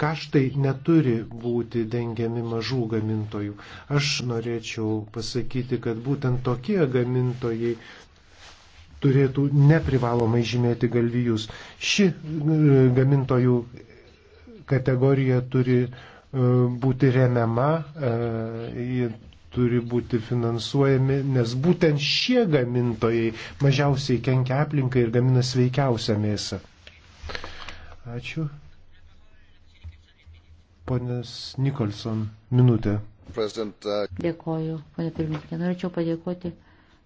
Kaštai neturi būti dengiami mažų gamintojų. Aš norėčiau pasakyti, kad būtent tokie gamintojai turėtų neprivalomai žymėti galvijus. Ši e, gamintojų kategorija turi e, būti remiama, e, ji turi būti finansuojami, nes būtent šie gamintojai mažiausiai kenkia aplinkai ir gamina sveikiausią mėsą. Ačiū. Ponas Nikolson, minutė. Uh, Dėkoju, ponė pirmininkė. Norėčiau padėkoti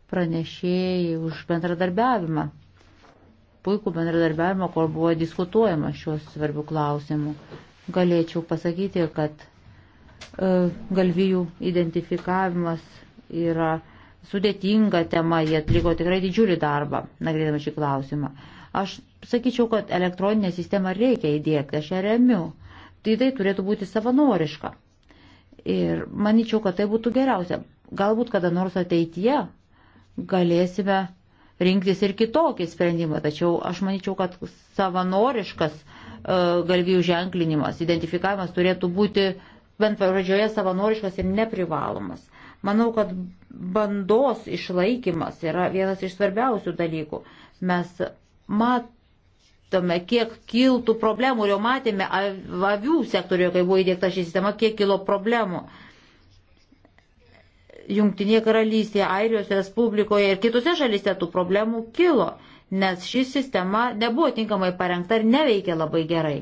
pranešėjai už bendradarbiavimą. Puikų bendradarbiavimą, kol buvo diskutuojama šios svarbių klausimų. Galėčiau pasakyti, kad e, galvijų identifikavimas yra sudėtinga tema, jie atliko tikrai didžiulį darbą, nagrėdama šį klausimą. Aš sakyčiau, kad elektroninę sistemą reikia įdėkti, aš ją remiu. Tai tai turėtų būti savanoriška. Ir manyčiau, kad tai būtų geriausia. Galbūt kada nors ateityje galėsime rinktis ir kitokį sprendimą. Tačiau aš manyčiau, kad savanoriškas e, galvijų ženklinimas, identifikavimas turėtų būti bent pradžioje savanoriškas ir neprivalomas. Manau, kad bandos išlaikimas yra vienas iš svarbiausių dalykų. Mes matome, kiek kiltų problemų, jau matėme avių sektorijoje, kai buvo įdėkta ši sistema, kiek kilo problemų. Uh, Jungtinėje karalystėje, Airijos Respublikoje ir kitose šalise tų problemų kilo, nes ši sistema nebuvo tinkamai parengta ir neveikia labai gerai.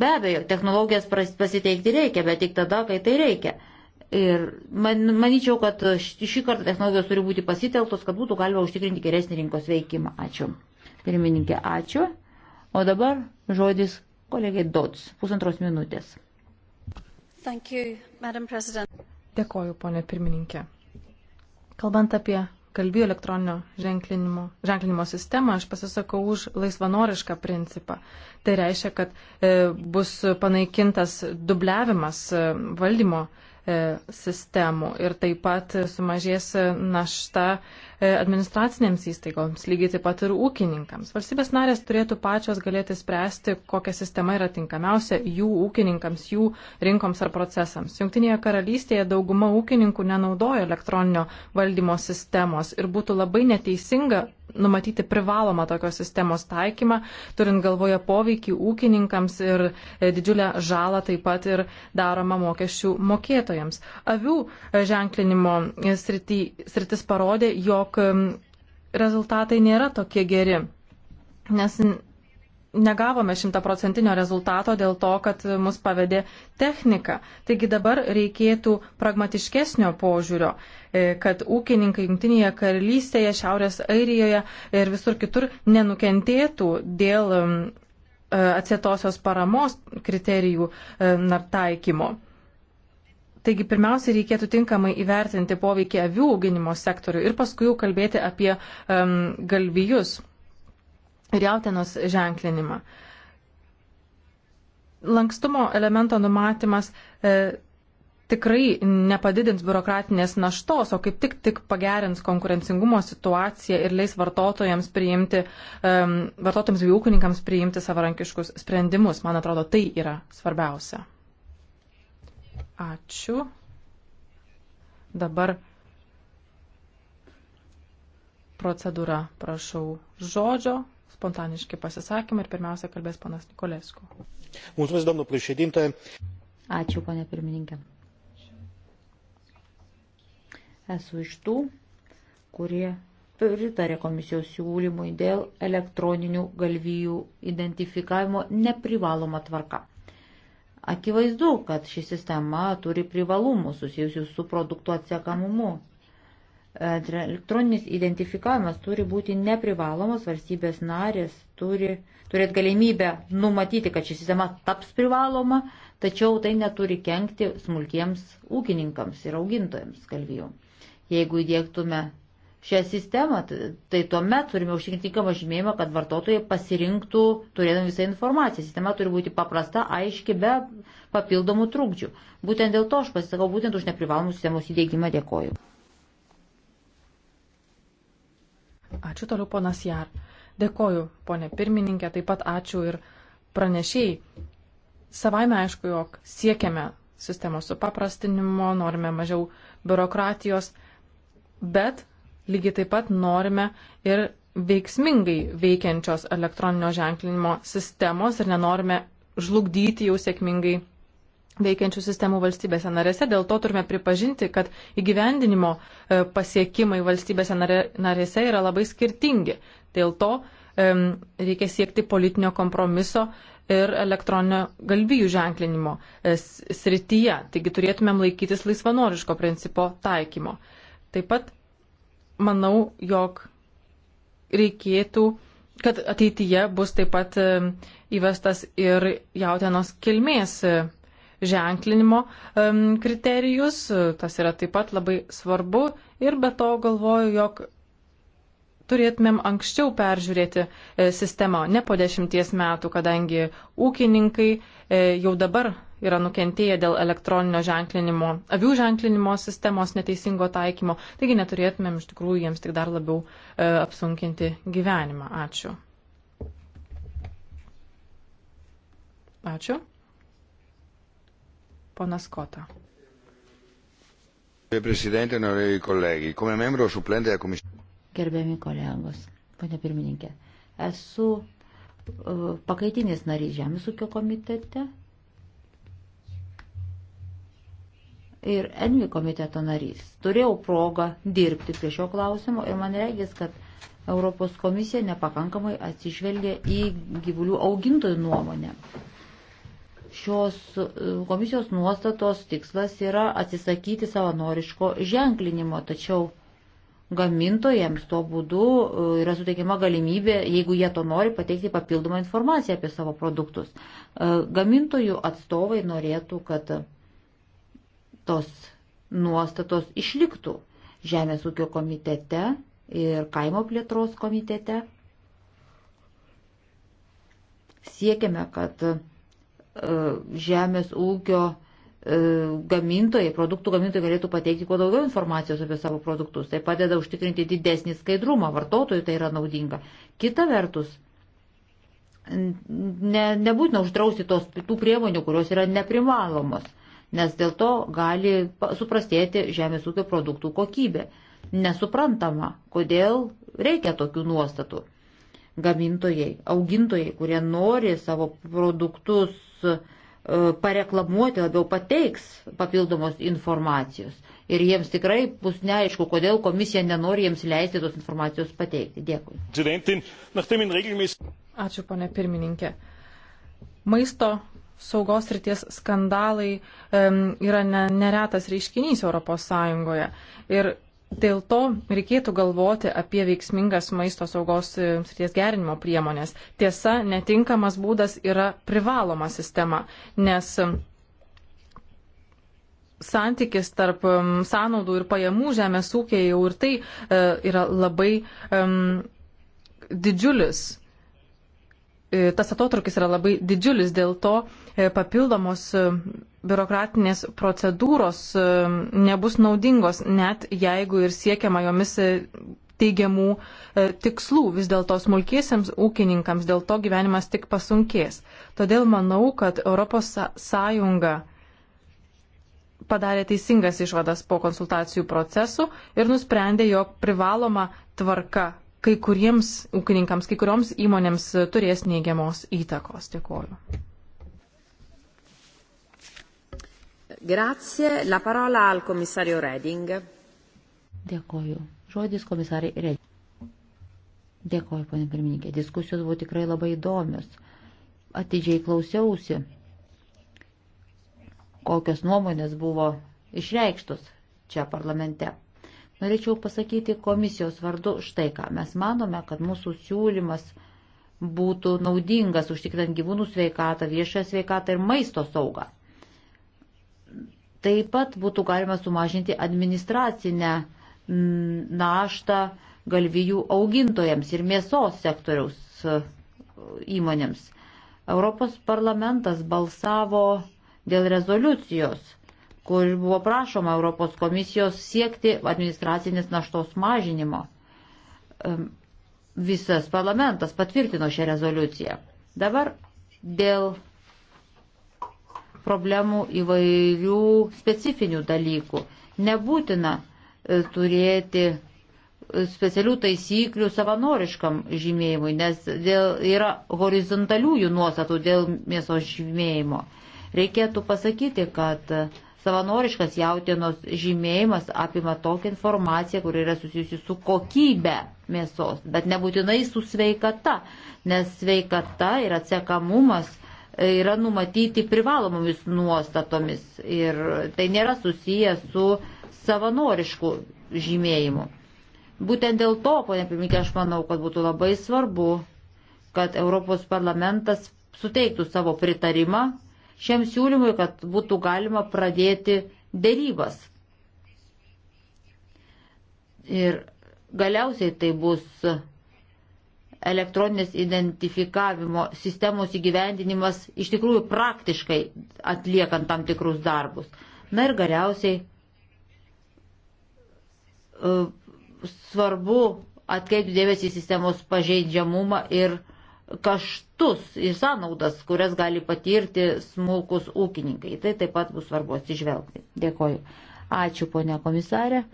Be abejo, technologijas pasiteikti reikia, bet tik tada, kai tai reikia. Ir man, manyčiau, kad šį kartą technologijos turi būti pasitelktos, kad būtų galima užtikrinti geresnį rinkos veikimą. Ačiū. Pirmininkė, ačiū. O dabar žodis kolegai Dots, pusantros minutės. You, Dėkoju, ponė pirmininkė. Kalbant apie kalbį elektroninio ženklinimo, ženklinimo sistemą, aš pasisakau už laisvanorišką principą. Tai reiškia, kad e, bus panaikintas dubliavimas e, valdymo e, E, sistemų ir taip pat sumažės našta e, administracinėms įstaigoms, lygiai taip pat ir ūkininkams. Valstybės narės turėtų pačios galėti spręsti, kokia sistema yra tinkamiausia jų ūkininkams, jų rinkoms ar procesams. Junktinėje karalystėje dauguma ūkininkų nenaudoja elektroninio valdymo sistemos ir būtų labai neteisinga numatyti privalomą tokios sistemos taikymą, turint galvoje poveikį ūkininkams ir e, didžiulę žalą taip pat ir daromą mokesčių mokėtojams. Avių e, ženklinimo e, srity, sritis parodė, jog rezultatai nėra tokie geri, nes negavome šimtaprocentinio rezultato dėl to, kad mus pavedė technika. Taigi dabar reikėtų pragmatiškesnio požiūrio, e, kad ūkininkai Junktinėje karalystėje, Šiaurės Airijoje ir visur kitur nenukentėtų dėl e, atsietosios paramos kriterijų e, taikymo. Taigi pirmiausia, reikėtų tinkamai įvertinti poveikį avių auginimo sektoriui ir paskui jau kalbėti apie um, galvijus ir jautienos ženklinimą. Lankstumo elemento numatymas e, tikrai nepadidins biurokratinės naštos, o kaip tik, tik pagerins konkurencingumo situaciją ir leis vartotojams priimti, um, vartotojams bei ūkininkams priimti savarankiškus sprendimus. Man atrodo, tai yra svarbiausia. Ačiū. Dabar procedūra, prašau, žodžio spontaniški pasisakymai ir pirmiausia kalbės panas Nikolesku. Mulțumesc, doamnă președinte. Ačiū, ponė pirmininkė. Esu iš tų, kurie pritarė komisijos siūlymui dėl elektroninių galvijų identifikavimo neprivaloma tvarka. Akivaizdu, kad ši sistema turi privalumų susijusių su produktų atsiekamumu Elektroninis identifikavimas turi būti neprivalomas, valstybės narės turi turėti galimybę numatyti, kad ši sistema taps privaloma, tačiau tai neturi kenkti smulkiems ūkininkams ir augintojams kalvijų. Jeigu įdėktume šią sistemą, tai tuomet turime užtikrinti tinkamą žymėjimą, kad vartotojai pasirinktų, turėdami visą informaciją. Sistema turi būti paprasta, aiški, be papildomų trūkdžių. Būtent dėl to aš pasisakau būtent už neprivalomus sistemos įdėgymą. Dėkoju. Ačiū toliau, ponas Jar. Dėkoju, ponė pirmininkė, taip pat ačiū ir pranešėjai. Savaime aišku, jog siekiame sistemos supaprastinimo, norime mažiau biurokratijos, bet lygiai taip pat norime ir veiksmingai veikiančios elektroninio ženklinimo sistemos ir nenorime žlugdyti jau sėkmingai veikiančių sistemų valstybėse narėse. Dėl to turime pripažinti, kad įgyvendinimo e, pasiekimai valstybėse narėse yra labai skirtingi. Dėl to reikia siekti politinio kompromiso ir elektroninio galvijų ženklinimo e, srityje. Taigi turėtumėm laikytis laisvanoriško principo taikymo. Taip pat manau, jog reikėtų, kad ateityje bus taip pat įvestas ir jautienos kilmės e, ženklinimo kriterijus. Tas yra taip pat labai svarbu ir be to galvoju, jog turėtumėm anksčiau peržiūrėti e, sistemą, ne po dešimties metų, kadangi ūkininkai e, jau dabar yra nukentėję dėl elektroninio ženklinimo, avių ženklinimo sistemos neteisingo taikymo, taigi neturėtumėm iš tikrųjų jiems tik dar labiau e, apsunkinti gyvenimą. Ačiū. Ačiū. Ponas Kota. Gerbiami kolegos, ponia pirmininkė, esu e, pakaitinis narys Žemės ūkio komitete ir Envi komiteto narys. Turėjau progą dirbti prie šio klausimo ir man reikės, kad Europos komisija nepakankamai atsižvelgia į gyvulių augintojų nuomonę šios e, komisijos nuostatos tikslas yra atsisakyti savanoriško ženklinimo, tačiau gamintojams tuo būdu e, yra suteikiama galimybė, jeigu jie to nori, pateikti papildomą informaciją apie savo produktus. E, gamintojų atstovai norėtų, kad tos nuostatos išliktų Žemės ūkio komitete ir kaimo plėtros komitete. Siekiame, kad E, žemės ūkio e, gamintojai, produktų gamintojai galėtų pateikti kuo daugiau informacijos apie savo produktus. Tai padeda užtikrinti didesnį skaidrumą, vartotojui tai yra naudinga. Kita vertus, ne, nebūtina uždrausti tos, tų priemonių, kurios yra neprivalomos, nes dėl to gali suprastėti žemės ūkio produktų kokybė. Nesuprantama, kodėl reikia tokių nuostatų gamintojai, augintojai, kurie nori savo produktus e, pareklamuoti, labiau pateiks papildomos informacijos. Ir jiems tikrai bus neaišku, kodėl komisija nenori jiems leisti tos informacijos pateikti. Dėkui. Ačiū, ponė pirmininkė. Maisto saugos ryties skandalai um, yra ne, neretas reiškinys ES. Ir Dėl to reikėtų galvoti apie veiksmingas maisto saugos e, srities gerinimo priemonės. Tiesa, netinkamas būdas yra privaloma sistema, nes e, santykis tarp e, sąnaudų ir pajamų žemės ūkėje jau ir tai yra labai um, didžiulis E, tas atotrukis yra labai didžiulis, dėl to e, papildomos e, biurokratinės procedūros nebus naudingos, net jeigu ir siekiama jomis teigiamų tikslų. Vis dėlto smulkiesiams ūkininkams dėl to gyvenimas tik pasunkės. Todėl manau, kad ES padarė teisingas išvadas po konsultacijų procesų ir nusprendė, jog privaloma tvarka kai kuriems ūkininkams, kai kurioms įmonėms turės neigiamos įtakos. Dėkuoju. Grazie. La parola al komisario Reding. Dėkuoju. Žodis komisarai Reding. Dėkuoju, ponė pirmininkė. Diskusijos buvo tikrai labai įdomios. Atidžiai klausiausi, kokios nuomonės buvo išreikštos čia parlamente. Norėčiau pasakyti komisijos vardu štai ką. Mes manome, kad mūsų siūlymas būtų naudingas užtikrinant gyvūnų sveikatą, viešąją sveikatą ir maisto saugą. Taip pat būtų galima sumažinti administracinę naštą galvijų augintojams ir mėsos sektoriaus e, įmonėms. Europos parlamentas balsavo dėl rezoliucijos kur buvo prašoma Europos komisijos siekti administracinės naštos mažinimo. Visas parlamentas patvirtino šią rezoliuciją. Dabar dėl problemų įvairių specifinių dalykų. Nebūtina e, turėti e, specialių taisyklių savanoriškam žymėjimui, nes dėl, yra horizontaliųjų nuostatų dėl mėsos žymėjimo. Reikėtų pasakyti, kad uh, Savanoriškas jautienos žymėjimas apima tokią informaciją, kur yra susijusi su kokybė mėsos, bet nebūtinai su sveikata, nes sveikata ir atsekamumas e, yra numatyti privalomomis nuostatomis ir tai nėra susiję su savanorišku žymėjimu. Būtent dėl to, ponė Pirmininkė, aš manau, kad būtų labai svarbu, kad Europos parlamentas suteiktų savo pritarimą šiam siūlymui, kad būtų galima pradėti dėrybas. Ir galiausiai tai bus elektroninės identifikavimo sistemos įgyvendinimas iš tikrųjų praktiškai atliekant tam tikrus darbus. Na ir galiausiai e, svarbu atkreipti dėmesį į sistemos pažeidžiamumą ir kaštų kaštus ir sąnaudas, kurias gali patirti smulkus ūkininkai. Tai taip pat bus svarbu atsižvelgti. Dėkoju. Ačiū, ponia komisarė.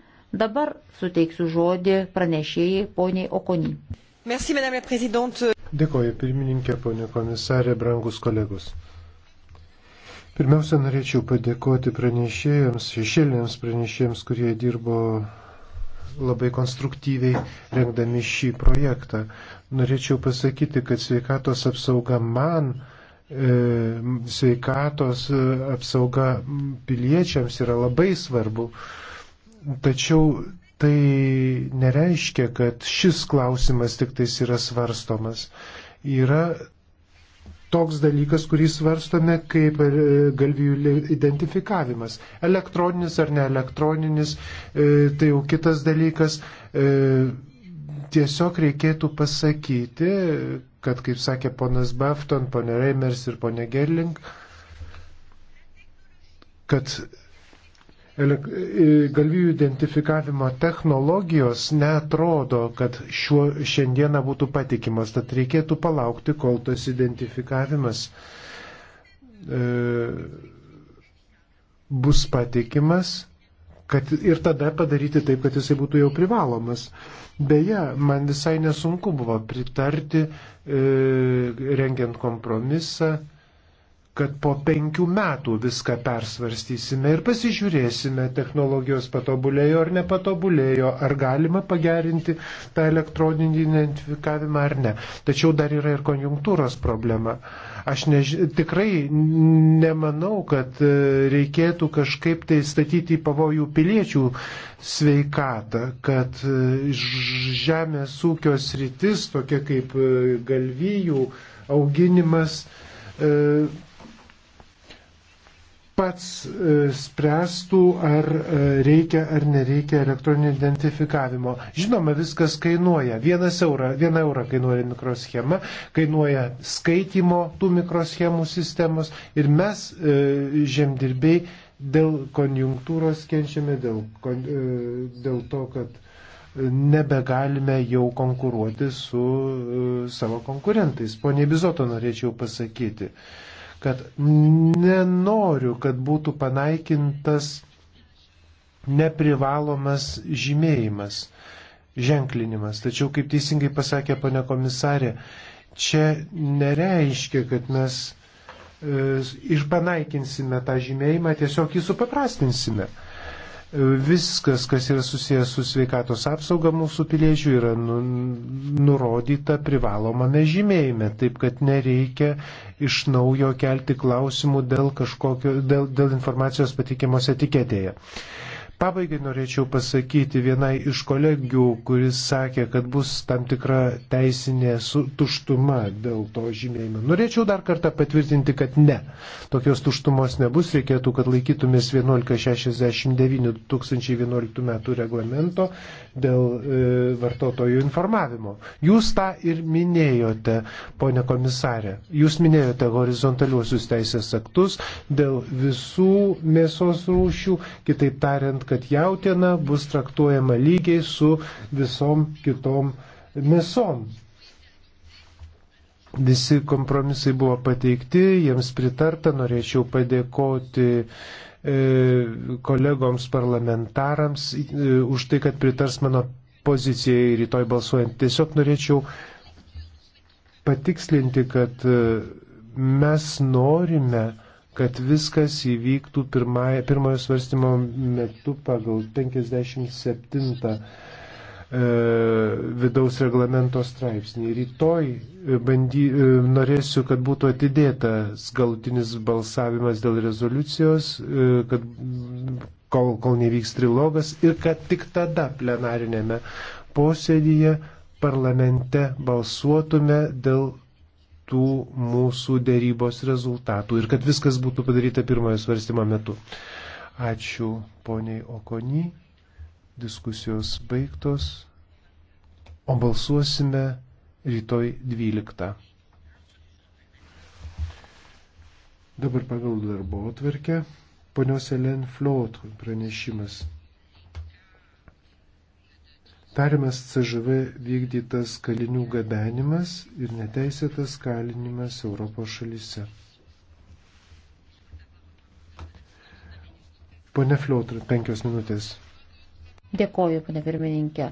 Dabar suteiksiu žodį pranešėjai poniai Okony. Merci, madame la présidente. Dėkoju, pirmininkė, ponia komisarė, brangus kolegos. Pirmiausia, norėčiau padėkoti pranešėjams, šešėlėms pranešėjams, kurie dirbo labai konstruktyviai rengdami šį projektą. Norėčiau pasakyti, kad sveikatos apsauga man, e, sveikatos e, apsauga piliečiams yra labai svarbu. Tačiau tai nereiškia, kad šis klausimas tik tais yra svarstomas. Yra toks dalykas, kurį svarstome kaip e, galvijų identifikavimas. Elektroninis ar neelektroninis, e, tai jau kitas dalykas. E, tiesiog reikėtų pasakyti, kad, kaip sakė ponas Bafton, ponė Reimers ir ponė Gerling, kad galvijų identifikavimo technologijos netrodo, kad šiuo, šiandieną būtų patikimas, tad reikėtų palaukti, kol tas identifikavimas e, bus patikimas kad ir tada padaryti taip, kad jisai būtų jau privalomas. Beje, man visai nesunku buvo pritarti, e, rengiant kompromisą, kad po penkių metų viską persvarstysime ir pasižiūrėsime, technologijos patobulėjo ar nepatobulėjo, ar galima pagerinti tą elektroninį identifikavimą ar ne. Tačiau dar yra ir konjunktūros problema. Aš než... tikrai nemanau, kad e, reikėtų kažkaip tai statyti į pavojų piliečių sveikatą, kad e, žemės ūkio sritis, tokia kaip e, galvijų auginimas, pats e, spręstų, ar e, reikia ar nereikia elektroninio identifikavimo. Žinoma, viskas kainuoja. Vienas eurą, viena eurą kainuoja mikroschema, kainuoja skaitimo tų mikroschemų sistemos ir mes e, žemdirbiai dėl konjunktūros kenčiame, dėl, dėl to, kad nebegalime jau konkuruoti su savo konkurentais. Pone Bizoto norėčiau pasakyti. Uh, kad nenoriu, kad būtų panaikintas neprivalomas žymėjimas, ženklinimas. Tačiau, kaip teisingai pasakė pane komisarė, čia nereiškia, kad mes e, išpanaikinsime tą žymėjimą, tiesiog jį supaprastinsime viskas, kas yra susijęs su sveikatos apsauga mūsų piliečių, yra nu, nurodyta privalomame žymėjime, taip kad nereikia iš naujo kelti klausimų dėl, kažkokio, dėl, dėl informacijos patikimos etiketėje. Pabaigai norėčiau pasakyti vienai iš kolegių, kuris sakė, kad bus tam tikra teisinė tuštuma dėl to žymėjimo. Norėčiau dar kartą patvirtinti, kad ne. Tokios tuštumos nebus, reikėtų, kad laikytumės 1169-2011 metų reglamento dėl e, vartotojų informavimo. Jūs tą ir minėjote, ponė komisarė. Jūs minėjote horizontaliuosius teisės aktus dėl visų mėsos rūšių, kitaip tariant, kad jautiena bus traktuojama lygiai su visom kitom mėsom. Visi kompromisai buvo pateikti, jiems pritarta, norėčiau padėkoti E, kolegoms parlamentarams e, už tai, kad pritars mano pozicijai rytoj balsuojant. Tiesiog norėčiau patikslinti, kad e, mes norime, kad viskas įvyktų pirmai, pirmojo svarstymo metu pagal 57 E, vidaus reglamento straipsnį. Rytoj e, bandy, e, norėsiu, kad būtų atidėtas galutinis balsavimas dėl rezoliucijos, kad kol, kol nevyks trilogas ir kad tik tada plenarinėme posėdyje parlamente balsuotume dėl tų mūsų dėrybos rezultatų ir kad viskas būtų padaryta pirmojo svarstymo metu. Ačiū poniai Okony. Diskusijos baigtos, o balsuosime rytoj 12. Dabar pagal darbo atverkę ponios Elen Flotrų pranešimas. Tariamas CŽV vykdytas kalinių gabenimas ir neteisėtas kalinimas Europos šalyse. Pone Fliotra, penkios minutės. Dėkoju, pane pirmininkė.